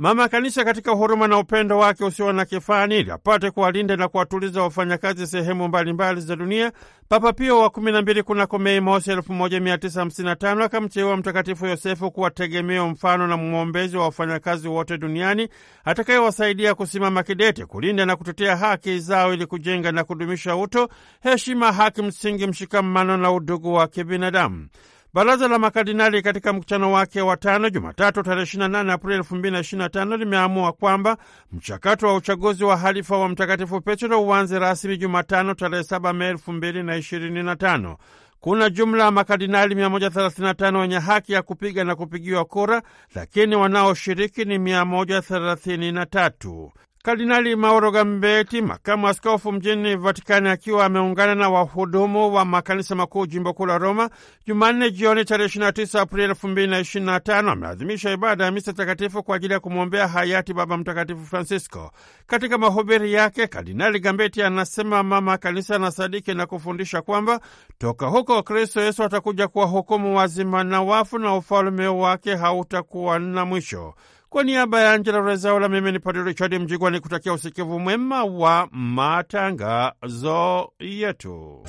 Mama Kanisa katika huruma na upendo wake usio na kifani ili apate kuwalinda na kuwatuliza wafanyakazi sehemu mbalimbali za dunia, Papa Pio wa kumi na mbili kunako Mei mosi tano akamteua Mtakatifu Yosefu kuwa tegemeo, mfano na mwombezi wa wafanyakazi wote duniani atakayewasaidia kusimama kidete kulinda na kutetea haki zao ili kujenga na kudumisha uto, heshima, haki msingi, mshikamano na udugu wa kibinadamu. Baraza la makardinali katika mkutano wake wa tano Jumatatu tarehe 28 Aprili 2025 limeamua kwamba mchakato wa uchaguzi wa halifa wa Mtakatifu Petro uanze rasmi Jumatano tarehe 7 Mei 2025. Kuna jumla ya makardinali 135 wenye haki ya kupiga na kupigiwa kura, lakini wanaoshiriki ni 133. Kardinali Mauro gambeti makamu askofu mjini Vatikani, akiwa ameungana na wahudumu wa makanisa makuu jimbo kuu la Roma, Jumanne jioni tarehe 29 Aprili 2025 ameadhimisha ibada ya misa takatifu kwa ajili ya kumwombea hayati Baba Mtakatifu Francisco. Katika mahubiri yake, Kardinali gambeti anasema mama kanisa anasadiki na kufundisha kwamba toka huko Kristo Yesu atakuja kuwahukumu wazima na wafu na ufalume wake hautakuwa na mwisho. Kwa niaba ya Angela Rezaula, mimi ni Padre Richard Mjigwa ni kutakia usikivu mwema wa matangazo yetu.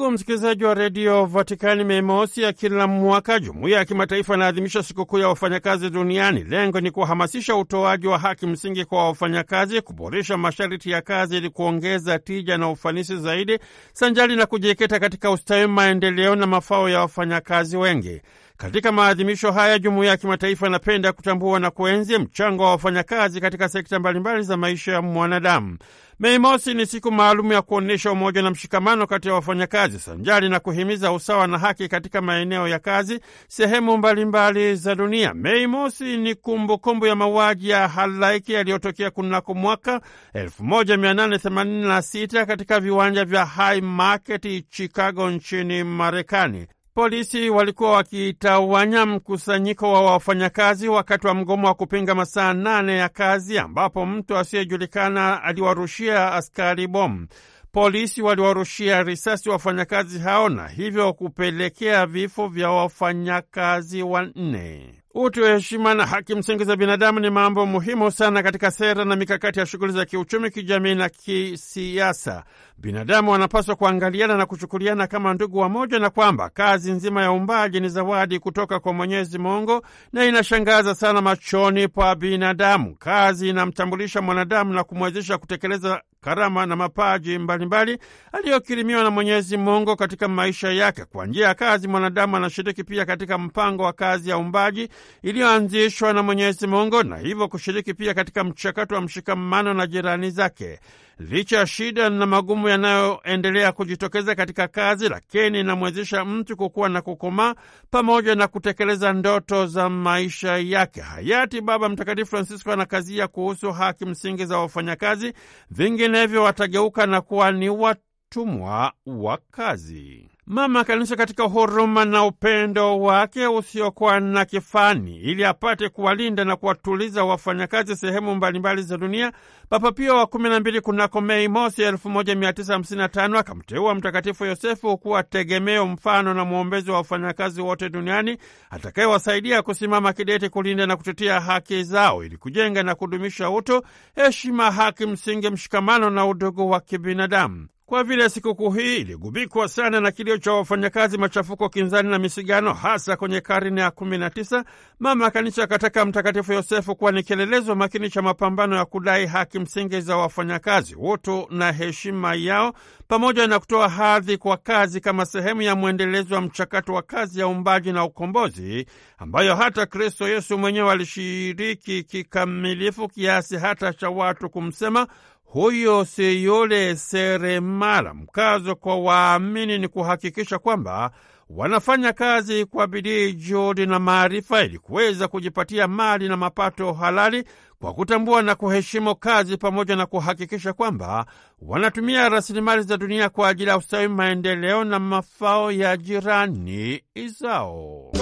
Ndugu msikilizaji wa redio Vatikani, Mei Mosi ya kila mwaka jumuiya ya kimataifa inaadhimisha sikukuu ya wafanyakazi duniani. Lengo ni kuhamasisha utoaji wa haki msingi kwa wafanyakazi, kuboresha masharti ya kazi ili kuongeza tija na ufanisi zaidi, sanjali na kujikita katika ustawi, maendeleo na mafao ya wafanyakazi wengi. Katika maadhimisho haya, jumuiya ya kimataifa inapenda kutambua na kuenzi mchango wa wafanyakazi katika sekta mbalimbali za maisha ya mwanadamu. Mei Mosi ni siku maalumu ya kuonyesha umoja na mshikamano kati ya wafanyakazi sanjari na kuhimiza usawa na haki katika maeneo ya kazi sehemu mbalimbali mbali za dunia. Mei Mosi ni kumbukumbu kumbu ya mauaji ya halaiki yaliyotokea kunako mwaka 1886 katika viwanja vya High Market, Chicago nchini Marekani. Polisi walikuwa wakitawanya mkusanyiko wa wafanyakazi wakati wa mgomo wa kupinga masaa nane ya kazi, ambapo mtu asiyejulikana aliwarushia askari bomu. Polisi waliwarushia risasi wafanyakazi hao na hivyo kupelekea vifo vya wafanyakazi wanne. Utu, heshima na haki msingi za binadamu ni mambo muhimu sana katika sera na mikakati ya shughuli za kiuchumi, kijamii na kisiasa. Binadamu wanapaswa kuangaliana na kuchukuliana kama ndugu wamoja, na kwamba kazi nzima ya uumbaji ni zawadi kutoka kwa Mwenyezi Mungu na inashangaza sana machoni pa binadamu. Kazi inamtambulisha mwanadamu na kumwezesha kutekeleza karama na mapaji mbalimbali aliyokirimiwa na Mwenyezi Mungu katika maisha yake. Kwa njia ya kazi, mwanadamu anashiriki pia katika mpango wa kazi ya umbaji iliyoanzishwa na Mwenyezi Mungu, na hivyo kushiriki pia katika mchakato wa mshikamano na jirani zake. Licha ya shida na magumu yanayoendelea kujitokeza katika kazi, lakini inamwezesha mtu kukuwa na kukomaa pamoja na kutekeleza ndoto za maisha yake. Hayati Baba Mtakatifu Francisco anakazia kuhusu haki msingi za wafanyakazi, vinginevyo watageuka na kuwa ni watumwa wa kazi mama kanisa katika huruma na upendo wake usiokuwa na kifani, ili apate kuwalinda na kuwatuliza wafanyakazi sehemu mbalimbali za dunia. Papa Pio wa kumi na mbili kunako Mei mosi 1955 akamteua Mtakatifu Yosefu kuwa tegemeo, mfano na mwombezi wa wafanyakazi wote duniani, atakayewasaidia kusimama kidete kulinda na kutetea haki zao, ili kujenga na kudumisha utu, heshima, haki msingi, mshikamano na udugu wa kibinadamu. Kwa vile sikukuu hii iligubikwa sana na kilio cha wafanyakazi, machafuko, kinzani na misigano, hasa kwenye karne ya kumi na tisa, Mama Kanisa akataka Mtakatifu Yosefu kuwa ni kielelezo makini cha mapambano ya kudai haki msingi za wafanyakazi, utu na heshima yao, pamoja na kutoa hadhi kwa kazi kama sehemu ya mwendelezo wa mchakato wa kazi ya umbaji na ukombozi, ambayo hata Kristo Yesu mwenyewe alishiriki kikamilifu, kiasi hata cha watu kumsema huyo si yule seremala. Mkazo kwa waamini ni kuhakikisha kwamba wanafanya kazi kwa bidii, juhudi na maarifa ili kuweza kujipatia mali na mapato halali kwa kutambua na kuheshimu kazi, pamoja na kuhakikisha kwamba wanatumia rasilimali za dunia kwa ajili ya ustawi, maendeleo na mafao ya jirani izao.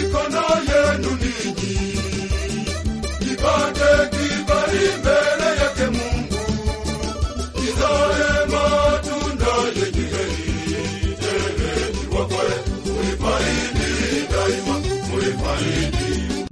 mikono yenu historia.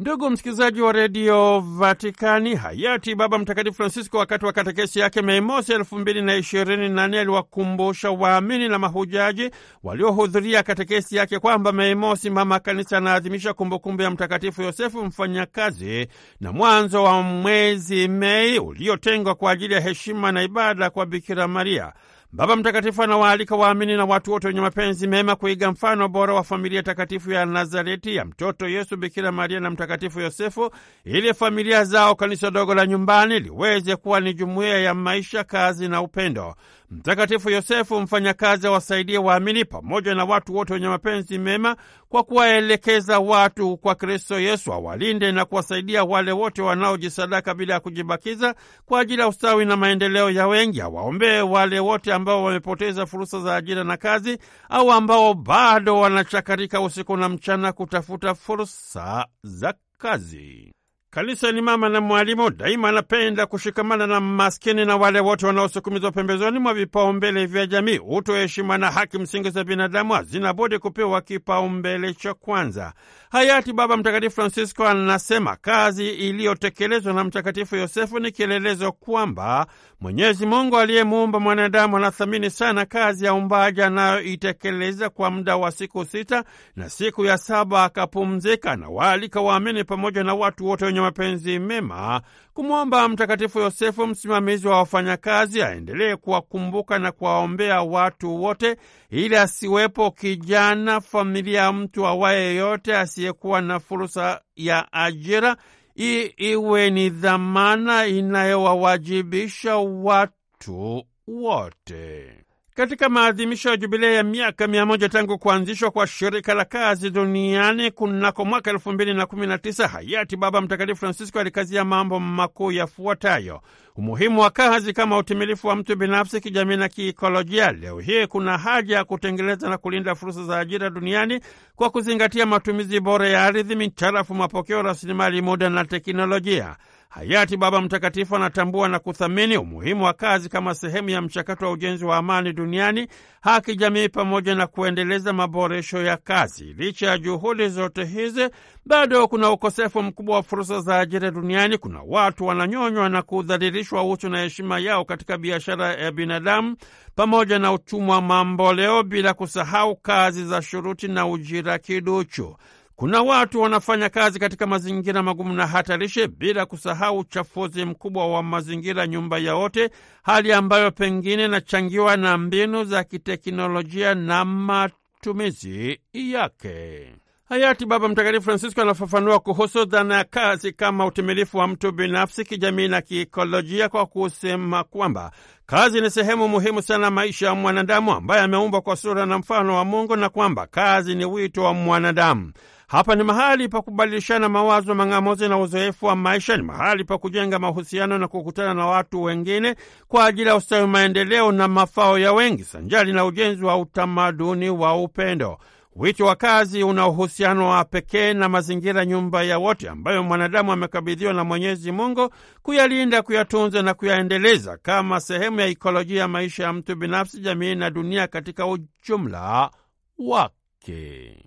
Ndugu msikilizaji wa redio Vatikani, hayati Baba Mtakatifu Francisco wakati wa katekesi yake Mei mosi elfu mbili na ishirini na nne aliwakumbusha waamini na mahujaji waliohudhuria katekesi yake kwamba Mei mosi Mama Kanisa anaadhimisha kumbukumbu ya Mtakatifu Yosefu mfanyakazi, na mwanzo wa mwezi Mei uliotengwa kwa ajili ya heshima na ibada kwa Bikira Maria. Baba Mtakatifu anawaalika waamini na watu wote wenye mapenzi mema kuiga mfano bora wa familia takatifu ya Nazareti ya mtoto Yesu, Bikira Maria na Mtakatifu Yosefu, ili familia zao, kanisa dogo la nyumbani, liweze kuwa ni jumuiya ya maisha, kazi na upendo. Mtakatifu Yosefu mfanyakazi awasaidie waamini pamoja na watu wote wenye mapenzi mema kwa kuwaelekeza watu kwa Kristo Yesu, awalinde na kuwasaidia wale wote wanaojisadaka bila ya kujibakiza kwa ajili ya ustawi na maendeleo ya wengi. Awaombee wale wote ambao wamepoteza fursa za ajira na kazi au ambao bado wanachakarika usiku na mchana kutafuta fursa za kazi. Kanisa ni mama na mwalimu, daima anapenda kushikamana na maskini na wale wote wanaosukumizwa pembezoni mwa vipaumbele vya jamii. Utu, heshima na haki msingi za binadamu hazina budi kupewa kipaumbele cha kwanza. Hayati Baba Mtakatifu Francisco anasema kazi iliyotekelezwa na Mtakatifu Yosefu ni kielelezo kwamba Mwenyezi Mungu aliyemuumba mwanadamu anathamini sana kazi ya umbaji anayoitekeleza kwa muda wa siku sita, na siku ya saba akapumzika, na waalika waamini pamoja na watu wote wenye mapenzi mema, kumwomba Mtakatifu Yosefu, msimamizi wa wafanyakazi, aendelee kuwakumbuka na kuwaombea watu wote, ili asiwepo kijana, familia ya mtu awaye yeyote asiyekuwa na fursa ya ajira. Hii iwe ni dhamana inayowawajibisha watu wote. Katika maadhimisho ya jubilei ya miaka mia moja tangu kuanzishwa kwa shirika la kazi duniani kunako mwaka elfu mbili na kumi na tisa hayati Baba Mtakatifu Francisco alikazia mambo makuu yafuatayo: umuhimu wa kazi kama utimilifu wa mtu binafsi, kijamii na kiikolojia. Leo hii kuna haja ya kutengeleza na kulinda fursa za ajira duniani kwa kuzingatia matumizi bora ya ardhi, micharafu, mapokeo, rasilimali, muda na teknolojia. Hayati Baba Mtakatifu anatambua na kuthamini umuhimu wa kazi kama sehemu ya mchakato wa ujenzi wa amani duniani, haki jamii, pamoja na kuendeleza maboresho ya kazi. Licha ya juhudi zote hizi, bado kuna ukosefu mkubwa wa fursa za ajira duniani. Kuna watu wananyonywa na kudhalilishwa utu na heshima yao katika biashara ya binadamu pamoja na utumwa mamboleo, bila kusahau kazi za shuruti na ujira kiduchu. Kuna watu wanafanya kazi katika mazingira magumu na hatarishi, bila kusahau uchafuzi mkubwa wa mazingira nyumba ya wote, hali ambayo pengine inachangiwa na mbinu za kiteknolojia na matumizi yake. Hayati Baba Mtakatifu Francisco anafafanua kuhusu dhana ya kazi kama utimilifu wa mtu binafsi, kijamii na kiikolojia kwa kusema kwamba kazi ni sehemu muhimu sana maisha ya mwanadamu ambaye ameumbwa kwa sura na mfano wa Mungu na kwamba kazi ni wito wa mwanadamu. Hapa ni mahali pa kubadilishana mawazo, mang'amuzi na uzoefu wa maisha. Ni mahali pa kujenga mahusiano na kukutana na watu wengine kwa ajili ya ustawi, maendeleo na mafao ya wengi, sanjali na ujenzi wa utamaduni wa upendo. Wito wa kazi una uhusiano wa pekee na mazingira, nyumba ya wote, ambayo mwanadamu amekabidhiwa na Mwenyezi Mungu kuyalinda, kuyatunza na kuyaendeleza kama sehemu ya ikolojia ya maisha ya mtu binafsi, jamii na dunia katika ujumla wake.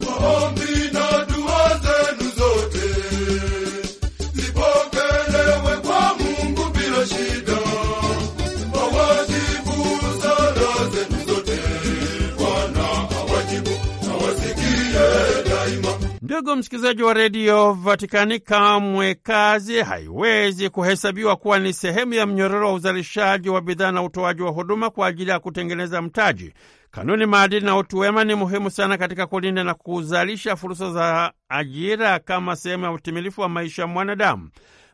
Ndugu msikilizaji wa redio Vatikani, kamwe kazi haiwezi kuhesabiwa kuwa ni sehemu ya mnyororo wa uzalishaji wa bidhaa na utoaji wa huduma kwa ajili ya kutengeneza mtaji. Kanuni, maadili na utu wema ni muhimu sana katika kulinda na kuzalisha fursa za ajira kama sehemu ya utimilifu wa maisha ya mwanadamu.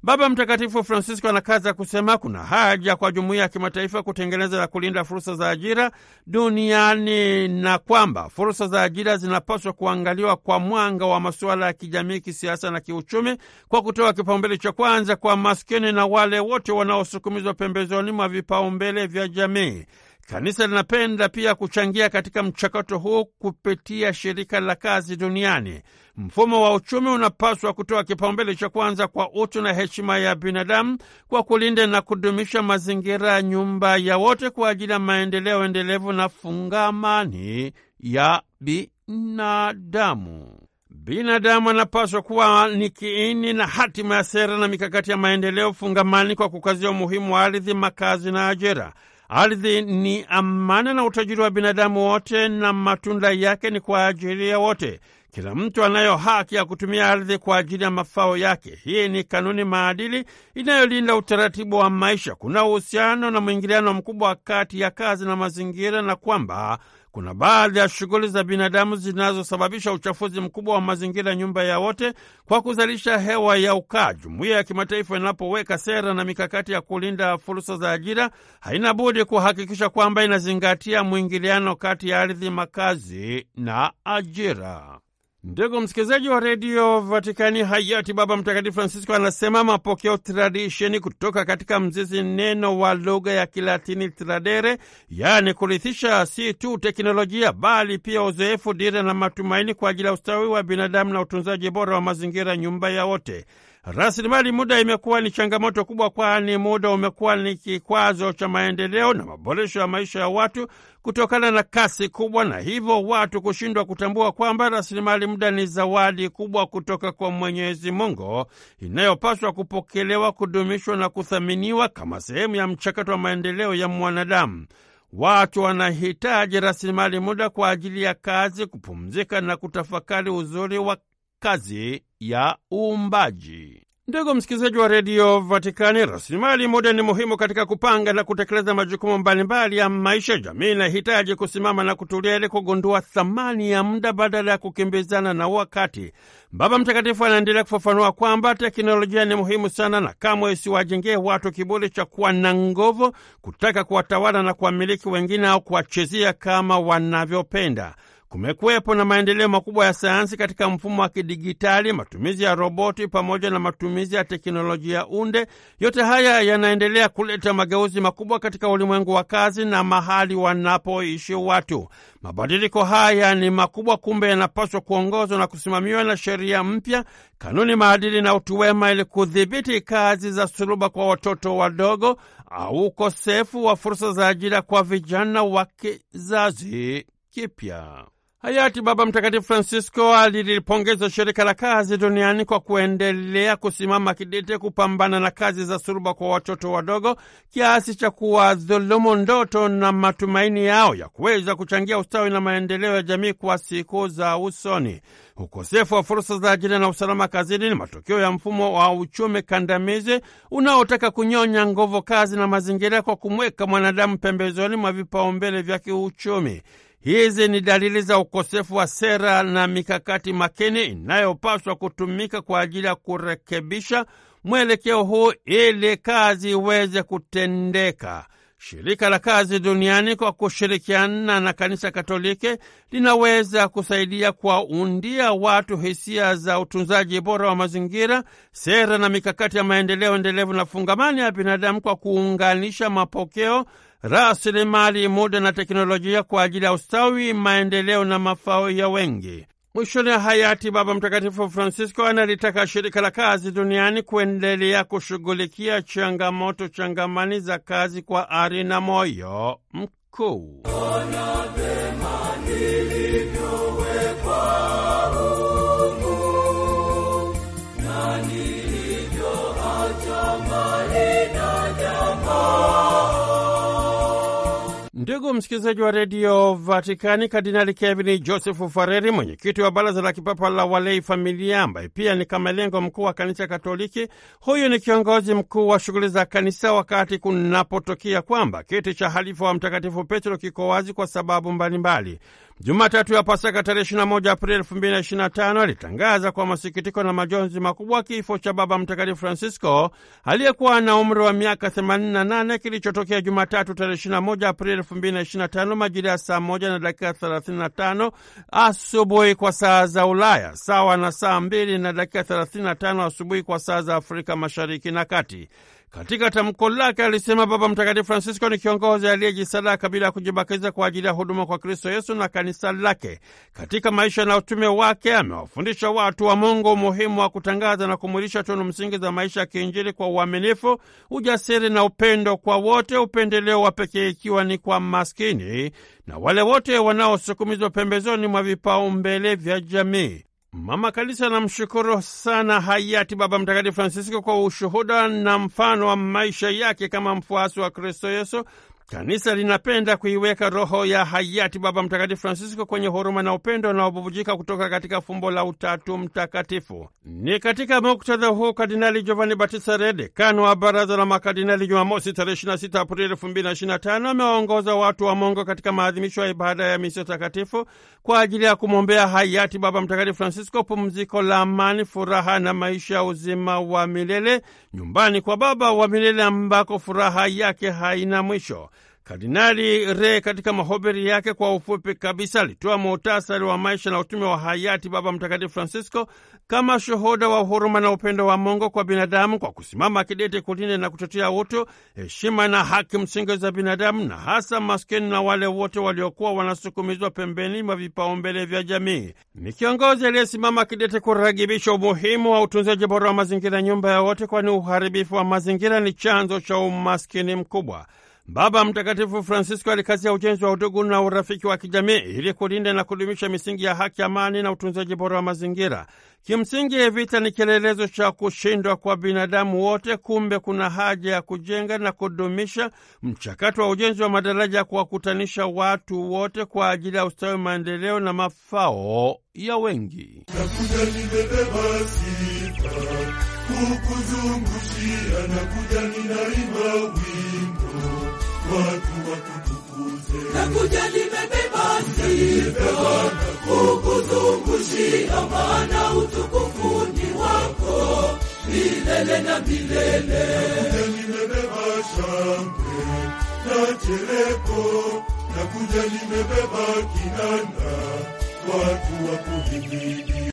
Baba Mtakatifu Francisco anakaza kusema kuna haja kwa jumuiya ya kimataifa kutengeneza na kulinda fursa za ajira duniani na kwamba fursa za ajira zinapaswa kuangaliwa kwa mwanga wa masuala ya kijamii, kisiasa na kiuchumi, kwa kutoa kipaumbele cha kwanza kwa maskini na wale wote wanaosukumizwa pembezoni mwa vipaumbele vya jamii. Kanisa linapenda pia kuchangia katika mchakato huu kupitia shirika la kazi duniani. Mfumo wa uchumi unapaswa kutoa kipaumbele cha kwanza kwa utu na heshima ya binadamu kwa kulinda na kudumisha mazingira, nyumba ya wote, kwa ajili ya maendeleo endelevu na fungamani ya binadamu. Binadamu anapaswa kuwa ni kiini na hatima ya sera na mikakati ya maendeleo fungamani kwa kukazia umuhimu wa ardhi, makazi na ajira. Ardhi ni amana na utajiri wa binadamu wote, na matunda yake ni kwa ajili ya wote. Kila mtu anayo haki ya kutumia ardhi kwa ajili ya mafao yake. Hii ni kanuni maadili inayolinda utaratibu wa maisha. Kuna uhusiano na mwingiliano mkubwa kati ya kazi na mazingira, na kwamba kuna baadhi ya shughuli za binadamu zinazosababisha uchafuzi mkubwa wa mazingira, nyumba ya wote, kwa kuzalisha hewa ya ukaa. Jumuiya ya kimataifa inapoweka sera na mikakati ya kulinda fursa za ajira, haina budi kuhakikisha kwamba inazingatia mwingiliano kati ya ardhi, makazi na ajira. Ndugu msikilizaji wa redio Vatikani, hayati Baba Mtakatifu Francisco anasema mapokeo tradisheni kutoka katika mzizi neno wa lugha ya Kilatini tradere, yaani kurithisha si tu teknolojia bali pia uzoefu, dira na matumaini kwa ajili ya ustawi wa binadamu na utunzaji bora wa mazingira, nyumba ya wote. Rasilimali muda imekuwa ni changamoto kubwa, kwani muda umekuwa ni kikwazo cha maendeleo na maboresho ya maisha ya watu kutokana na kasi kubwa, na hivyo watu kushindwa kutambua kwamba rasilimali muda ni zawadi kubwa kutoka kwa Mwenyezi Mungu inayopaswa kupokelewa, kudumishwa na kuthaminiwa kama sehemu ya mchakato wa maendeleo ya mwanadamu. Watu wanahitaji rasilimali muda kwa ajili ya kazi, kupumzika na kutafakari uzuri wa kazi ya uumbaji. Ndugu msikilizaji wa redio Vatikani, rasilimali muda ni muhimu katika kupanga na kutekeleza majukumu mbalimbali ya maisha. Jamii inahitaji kusimama na kutulia ili kugundua thamani ya muda badala ya kukimbizana na wakati. Baba Mtakatifu anaendelea kufafanua kwamba teknolojia ni muhimu sana na kamwe isiwajengee watu kiburi cha kuwa na nguvu, kutaka kuwatawala na kuwamiliki wengine au kuwachezea kama wanavyopenda. Kumekuwepo na maendeleo makubwa ya sayansi katika mfumo wa kidigitali, matumizi ya roboti pamoja na matumizi ya teknolojia unde. Yote haya yanaendelea kuleta mageuzi makubwa katika ulimwengu wa kazi na mahali wanapoishi watu. Mabadiliko haya ni makubwa, kumbe yanapaswa kuongozwa na kusimamiwa na sheria mpya, kanuni, maadili na utu wema, ili kudhibiti kazi za suluba kwa watoto wadogo au ukosefu wa fursa za ajira kwa vijana wa kizazi kipya. Hayati Baba Mtakatifu Francisco alilipongeza shirika la kazi duniani kwa kuendelea kusimama kidete kupambana na kazi za suruba kwa watoto wadogo kiasi cha kuwadhulumu ndoto na matumaini yao ya kuweza kuchangia ustawi na maendeleo ya jamii kwa siku za usoni. Ukosefu wa fursa za ajira na usalama kazini ni matokeo ya mfumo wa uchumi kandamizi unaotaka kunyonya nguvu kazi na mazingira kwa kumweka mwanadamu pembezoni mwa vipaumbele vya kiuchumi. Hizi ni dalili za ukosefu wa sera na mikakati makini inayopaswa kutumika kwa ajili ya kurekebisha mwelekeo huu ili kazi iweze kutendeka. Shirika la Kazi Duniani kwa kushirikiana na Kanisa Katoliki linaweza kusaidia kuwaundia watu hisia za utunzaji bora wa mazingira, sera na mikakati ya maendeleo endelevu na fungamani ya binadamu kwa kuunganisha mapokeo, rasilimali, muda na teknolojia kwa ajili ya ustawi, maendeleo na mafao ya wengi. Mwishoni ya hayati Baba Mtakatifu Francisco analitaka shirika la kazi duniani kuendelea kushughulikia changamoto changamani za kazi kwa ari na moyo mkuu. Ndugu msikilizaji wa redio Vatikani, Kardinali Kevin Joseph Fareri, mwenyekiti wa baraza la kipapa la walei familia, ambaye pia ni kamalengo mkuu wa kanisa Katoliki, huyu ni kiongozi mkuu wa shughuli za kanisa wakati kunapotokea kwamba kiti cha halifa wa Mtakatifu Petro kiko wazi kwa sababu mbalimbali mbali. Jumatatu ya Pasaka tarehe 21 Aprili 2025 alitangaza kwa masikitiko na majonzi makubwa kifo cha Baba Mtakatifu Francisco aliyekuwa na umri wa miaka 88 kilichotokea Jumatatu tarehe 21 Aprili 2025 majira ya saa moja na dakika 35 asubuhi kwa saa za Ulaya, sawa na saa mbili na dakika 35 asubuhi kwa saa za Afrika Mashariki na Kati. Katika tamko lake alisema Baba Mtakatifu Francisco ni kiongozi aliyejisadaka bila ya kujibakiza kwa ajili ya huduma kwa Kristo Yesu na kanisa lake. Katika maisha na utume wake amewafundisha watu wa Mungu umuhimu wa kutangaza na kumwilisha tunu msingi za maisha ya kiinjili kwa uaminifu, ujasiri na upendo kwa wote, upendeleo wa pekee ikiwa ni kwa maskini na wale wote wanaosukumizwa pembezoni mwa vipaumbele vya jamii. Mama Kanisa anamshukuru sana hayati Baba Mtakatifu Francisco kwa ushuhuda na mfano wa maisha yake kama mfuasi wa Kristo Yesu Kanisa linapenda kuiweka roho ya hayati Baba Mtakatifu Francisco kwenye huruma na upendo unaobubujika kutoka katika fumbo la Utatu Mtakatifu. Ni katika muktadha huu Kardinali Giovanni Battista Re, dekano wa Baraza la Makardinali, Jumamosi tarehe 26 Aprili 2025 amewaongoza watu wa Mungu katika maadhimisho ya ibada ya misa takatifu kwa ajili ya kumwombea hayati Baba Mtakatifu Francisco pumziko la amani, furaha na maisha ya uzima wa milele nyumbani kwa Baba wa milele ambako furaha yake haina mwisho. Kardinali Re katika mahubiri yake kwa ufupi kabisa alitoa muhtasari wa maisha na utume wa hayati Baba Mtakatifu Francisco kama shuhuda wa huruma na upendo wa Mungu kwa binadamu, kwa kusimama kidete kulinda na kutetea utu, heshima na haki msingi za binadamu, na hasa maskini na wale wote waliokuwa wanasukumizwa pembeni mwa vipaumbele vya jamii. Ni kiongozi aliyesimama kidete kuragibisha umuhimu wa utunzaji bora wa mazingira, nyumba ya wote, kwani uharibifu wa mazingira ni chanzo cha umaskini mkubwa. Baba Mtakatifu Francisco alikazia ujenzi wa udugu na urafiki wa kijamii ili kulinda na kudumisha misingi ya haki, amani na utunzaji bora wa mazingira. Kimsingi, vita ni kielelezo cha kushindwa kwa binadamu wote. Kumbe kuna haja ya kujenga na kudumisha mchakato wa ujenzi wa madaraja ya kuwakutanisha watu wote kwa ajili ya ustawi, maendeleo na mafao ya wengi. Nakuja watu wakutukuze nakuja nimebeba sifa kukuzungushia maana utukufu ni wako milele na milele nakuja nimebeba shangwe na chereko nakuja nimebeba kinanda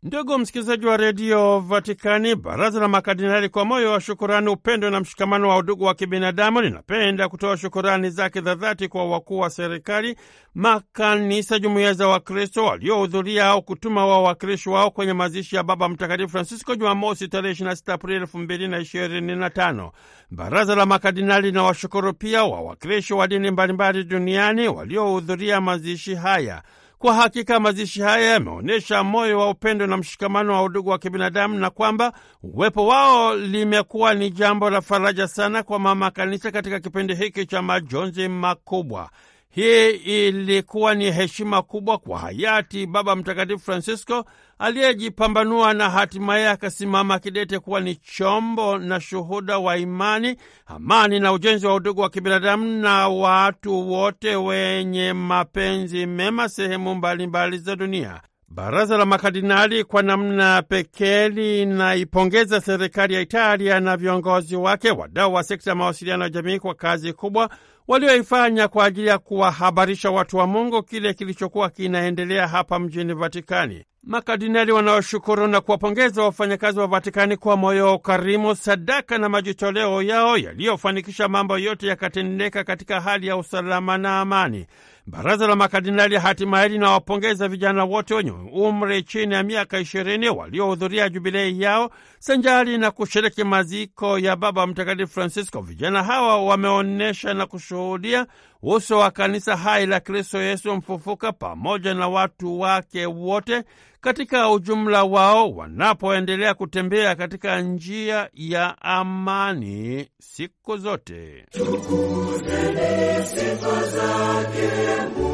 Ndugu msikilizaji wa redio Vatikani, baraza la makardinali kwa moyo wa shukurani, upendo na mshikamano wa udugu wa kibinadamu linapenda kutoa shukurani zake za dhati kwa wakuu wa serikali, makanisa, jumuiya za Wakristo waliohudhuria au kutuma wa wakilishi wao kwenye mazishi ya Baba Mtakatifu Francisco Jumamosi tarehe 26 Aprili 2025. Baraza la makardinali washukuru pia wawakilishi wa dini mbalimbali duniani waliohudhuria mazishi haya. Kwa hakika mazishi haya yameonyesha moyo wa upendo na mshikamano wa udugu wa kibinadamu na kwamba uwepo wao limekuwa ni jambo la faraja sana kwa mama kanisa katika kipindi hiki cha majonzi makubwa. Hii ilikuwa ni heshima kubwa kwa hayati Baba Mtakatifu Francisco aliyejipambanua na hatimaye akasimama kidete kuwa ni chombo na shuhuda wa imani, amani na ujenzi wa udugu wa kibinadamu na watu wote wenye mapenzi mema sehemu mbalimbali za dunia. Baraza la makardinali kwa namna pekee linaipongeza serikali ya Italia na viongozi wake, wadau wa sekta ya mawasiliano ya jamii kwa kazi kubwa walioifanya kwa ajili ya kuwahabarisha watu wa Mungu kile kilichokuwa kinaendelea hapa mjini Vatikani. Makardinali wanaoshukuru na kuwapongeza wafanyakazi wa Vatikani kwa moyo wa ukarimu, sadaka na majitoleo yao yaliyofanikisha mambo yote yakatendeka katika hali ya usalama na amani. Baraza la makardinali hatimaye linawapongeza vijana wote wenye umri chini ya miaka ishirini waliohudhuria jubilei yao sanjari na kushiriki maziko ya Baba Mtakatifu Francisco. Vijana hawa wameonyesha na kushuhudia uso wa kanisa hai la Kristo Yesu mfufuka pamoja na watu wake wote katika ujumla wao wanapoendelea kutembea katika njia ya amani siku zote. Tukuzeni sifa zake.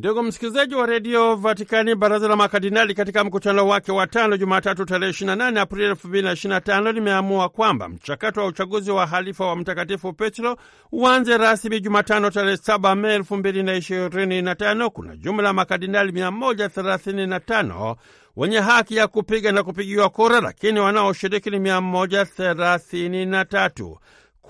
Ndugu msikilizaji wa redio Vatikani, baraza la makardinali katika mkutano wake wa tano Jumatatu tarehe 28 Aprili 2025 limeamua kwamba mchakato wa uchaguzi wa halifa wa Mtakatifu Petro uanze rasmi Jumatano tarehe 7 Mei 2025. Kuna jumla ya makardinali 135 wenye haki ya kupiga na kupigiwa kura, lakini wanaoshiriki ni 133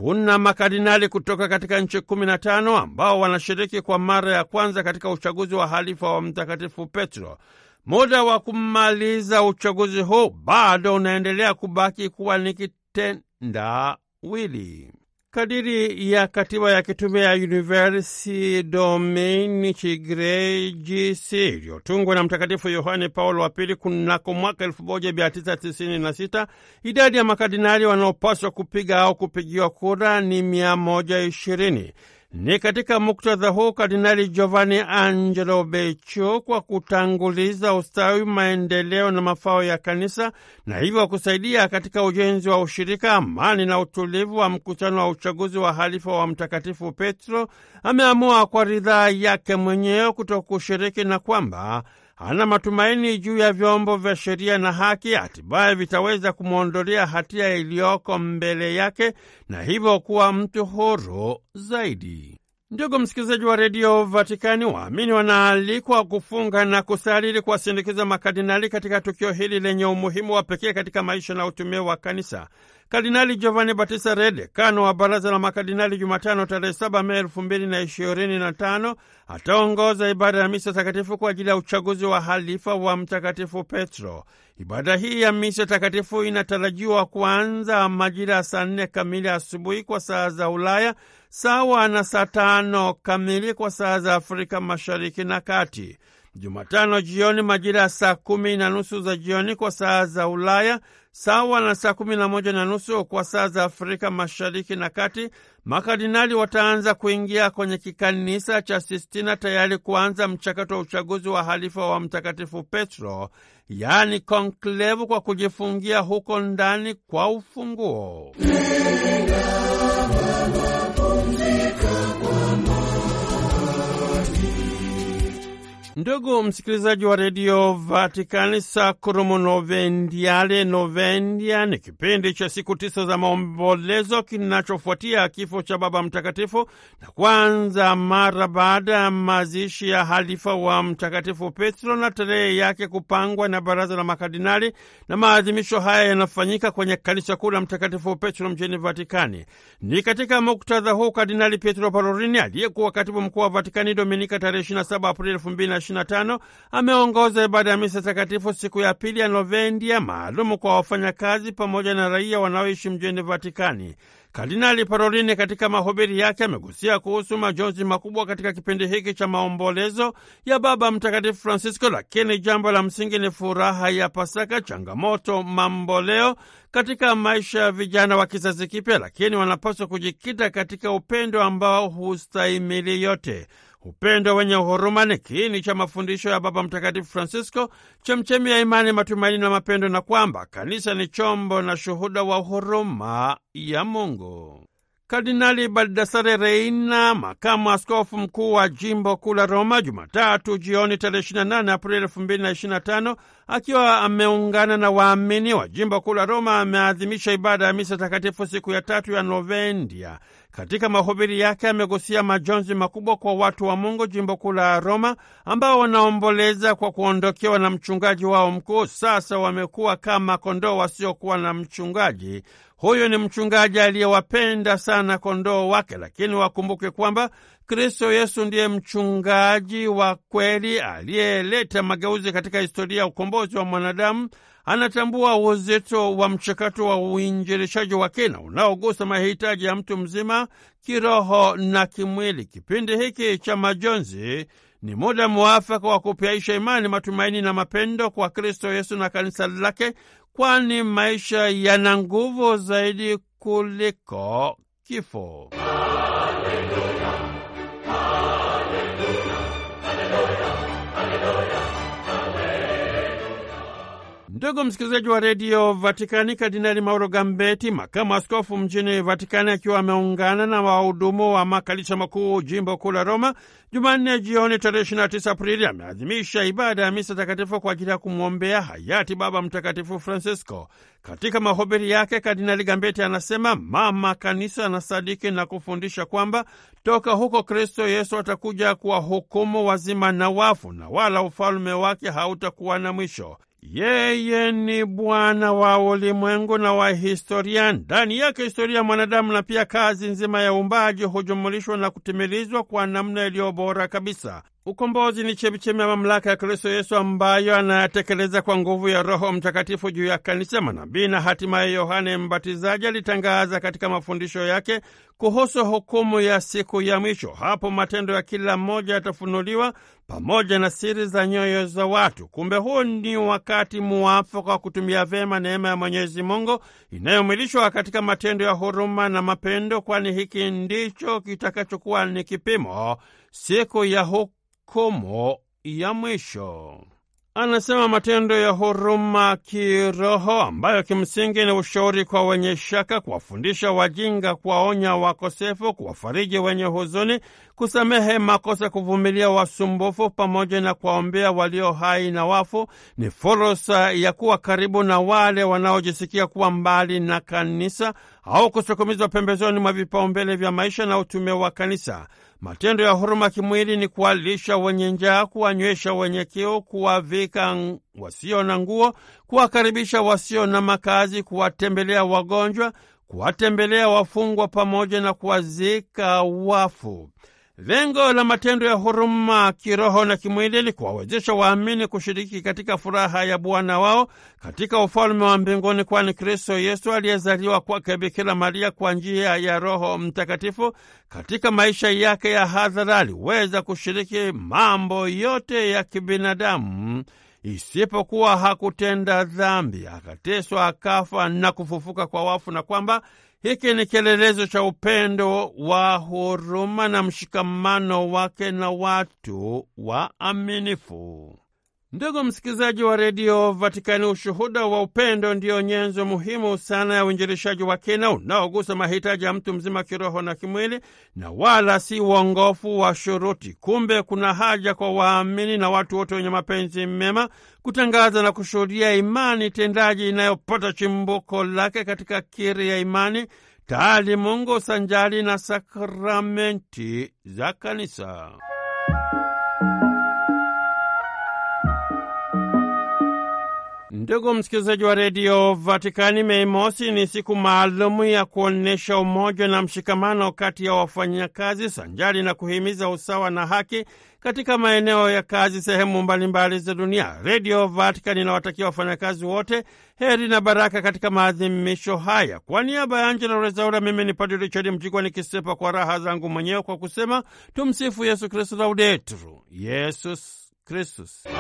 kuna makardinali kutoka katika nchi kumi na tano ambao wanashiriki kwa mara ya kwanza katika uchaguzi wa halifa wa Mtakatifu Petro. Muda wa kumaliza uchaguzi huu bado unaendelea kubaki kuwa ni kitendawili. Kadiri ya katiba ya kitume ya Universi Dominici Gregis iliyotungwa na Mtakatifu Yohane Paulo wa Pili kunako mwaka 1996 idadi ya makardinali wanaopaswa kupiga au kupigiwa kura ni 120. Ni katika muktadha huu Kardinali Giovanni Angelo Becciu, kwa kutanguliza ustawi, maendeleo na mafao ya kanisa na hivyo kusaidia katika ujenzi wa ushirika, amani na utulivu wa mkutano wa uchaguzi wa halifa wa Mtakatifu Petro, ameamua kwa ridhaa yake mwenyewe kutokushiriki na kwamba ana matumaini juu ya vyombo vya sheria na haki, hatimaye vitaweza kumwondolea hatia iliyoko mbele yake na hivyo kuwa mtu huru zaidi. Ndugu msikilizaji wa redio Vatikani, waamini wanaalikwa kufunga na kusali ili kuwasindikiza makardinali katika tukio hili lenye umuhimu wa pekee katika maisha na utume wa kanisa. Kardinali Giovanni Battista Re, dekano wa baraza la makardinali, Jumatano tarehe 7 Mei elfu mbili na na ishirini tano ataongoza ibada ya misa takatifu kwa ajili ya uchaguzi wa halifa wa Mtakatifu Petro. Ibada hii ya misa takatifu inatarajiwa kuanza majira ya saa nne kamili asubuhi kwa saa za Ulaya, sawa na saa tano kamili kwa saa za Afrika Mashariki na Kati. Jumatano jioni majira ya saa kumi na nusu za jioni kwa saa za Ulaya, sawa na saa kumi na moja na nusu kwa saa za Afrika Mashariki na Kati, makardinali wataanza kuingia kwenye kikanisa cha Sistina tayari kuanza mchakato wa uchaguzi wa halifa wa Mtakatifu Petro, yaani konklevu, kwa kujifungia huko ndani kwa ufunguo Ndugu msikilizaji wa redio Vatikani, Sacrum Novendiale. Novendia ni kipindi cha siku tisa za maombolezo kinachofuatia kifo cha Baba Mtakatifu na kwanza mara baada ya mazishi ya halifa wa Mtakatifu Petro na tarehe yake kupangwa na baraza la makardinali, na maadhimisho haya yanafanyika kwenye kanisa kuu la Mtakatifu Petro mjini Vatikani. Ni katika muktadha huu Kardinali Pietro parorini aliyekuwa katibu mkuu wa Vatikani Dominika tarehe 27 Aprili 25 ameongoza ibada ya misa takatifu siku ya pili ya novendia maalumu kwa wafanyakazi pamoja na raia wanaoishi mjini Vatikani. Kardinali Parolini katika mahubiri yake amegusia kuhusu majonzi makubwa katika kipindi hiki cha maombolezo ya Baba Mtakatifu Francisco, lakini jambo la msingi ni furaha ya Pasaka, changamoto mamboleo katika maisha ya vijana wa kizazi kipya, lakini wanapaswa kujikita katika upendo ambao hustahimili yote upendo wenye huruma ni kiini cha mafundisho ya Baba Mtakatifu Francisco, chemchemi ya imani, matumaini na mapendo, na kwamba kanisa ni chombo na shuhuda wa huruma ya Mungu. Kardinali Baldassare Reina, makamu askofu mkuu wa jimbo kuu la Roma, Jumatatu jioni tarehe 28 Aprili 2025, akiwa ameungana na waamini wa jimbo kuu la Roma, ameadhimisha ibada ya misa takatifu siku ya tatu ya Novendia. Katika mahubiri yake amegusia majonzi makubwa kwa watu wa Mungu jimbo kuu la Roma, ambao wanaomboleza kwa kuondokewa na mchungaji wao mkuu. Sasa wamekuwa kama kondoo wasiokuwa na mchungaji. Huyu ni mchungaji aliyewapenda sana kondoo wake, lakini wakumbuke kwamba Kristo Yesu ndiye mchungaji wa kweli aliyeleta mageuzi katika historia ya ukombozi wa mwanadamu anatambua uzito wa mchakato wa uinjilishaji wa kina unaogusa mahitaji ya mtu mzima kiroho na kimwili. Kipindi hiki cha majonzi ni muda mwafaka wa kupyaisha imani, matumaini na mapendo kwa Kristo Yesu na kanisa lake, kwani maisha yana nguvu zaidi kuliko kifo. Ndugu msikilizaji wa redio Vatikani, Kardinali Mauro Gambeti, makamu askofu mjini Vatikani, akiwa ameungana na wahudumu wa makalisha makuu jimbo kuu la Roma, Jumanne jioni tarehe 29 Aprili, ameadhimisha ibada ya misa takatifu kwa ajili ya kumwombea hayati Baba Mtakatifu Francisco. Katika mahubiri yake, Kardinali Gambeti anasema mama kanisa anasadiki na kufundisha kwamba toka huko Kristo Yesu atakuja kuwahukumu wazima na wafu, na wala ufalme wake hautakuwa na mwisho. Yeye ni Bwana wa ulimwengu na wa historia. Ndani yake historia ya mwanadamu na pia kazi nzima ya uumbaji hujumulishwa na kutimilizwa kwa namna iliyo bora kabisa. Ukombozi ni chemichemi ya mamlaka ya Kristo Yesu ambayo anayatekeleza kwa nguvu ya Roho Mtakatifu juu ya kanisa. Manabii na hatimaye Yohane Mbatizaji alitangaza katika mafundisho yake kuhusu hukumu ya siku ya mwisho. Hapo matendo ya kila mmoja yatafunuliwa pamoja na siri za nyoyo za watu. Kumbe huu ni wakati muafaka wa kutumia vyema neema ya Mwenyezi Mungu inayomwilishwa katika matendo ya huruma na mapendo, kwani hiki ndicho kitakachokuwa ni kipimo siku ya huku makomo ya mwisho. Anasema matendo ya huruma kiroho ambayo kimsingi ni ushauri kwa wenye shaka, kuwafundisha wajinga, kuwaonya wakosefu, kuwafariji wenye huzuni, kusamehe makosa, kuvumilia wasumbufu, pamoja na kuwaombea walio hai na wafu. Ni fursa ya kuwa karibu na wale wanaojisikia kuwa mbali na kanisa au kusukumizwa pembezoni mwa vipaumbele vya maisha na utume wa kanisa. Matendo ya huruma kimwili ni kuwalisha wenye njaa, kuwanywesha wenye kiu, kuwavika wasio na nguo, kuwakaribisha wasio na makazi, kuwatembelea wagonjwa, kuwatembelea wafungwa pamoja na kuwazika wafu. Lengo la matendo ya huruma kiroho na kimwili ni kuwawezesha waamini kushiriki katika furaha ya Bwana wao katika ufalme wa mbinguni, kwani Kristo Yesu aliyezaliwa kwake Bikira Maria kwa njia ya Roho Mtakatifu katika maisha yake ya hadhara aliweza kushiriki mambo yote ya kibinadamu isipokuwa hakutenda dhambi. Akateswa, akafa na kufufuka kwa wafu, na kwamba hiki ni kielelezo cha upendo wa huruma na mshikamano wake na watu waaminifu. Ndugu msikilizaji wa redio Vatikani, ushuhuda wa upendo ndiyo nyenzo muhimu sana ya uinjirishaji wa kina unaogusa mahitaji ya mtu mzima kiroho na kimwili, na wala si uongofu wa shuruti. Kumbe kuna haja kwa waamini na watu wote wenye mapenzi mema kutangaza na kushuhudia imani tendaji inayopata chimbuko lake katika kiri ya imani, taalimungu sanjali na sakramenti za Kanisa. Ndugu msikilizaji wa redio Vatikani, Mei Mosi ni siku maalumu ya kuonyesha umoja na mshikamano kati ya wafanyakazi sanjari na kuhimiza usawa na haki katika maeneo ya kazi sehemu mbalimbali za dunia. Redio Vatikani inawatakia wafanyakazi wote heri na baraka katika maadhimisho haya. Kwa niaba ya Angela Rezaura, mimi ni Padre Richard Mjigwa nikisepa kwa raha zangu mwenyewe kwa kusema tumsifu Yesu Kristu, laudetru Yesus Kristus.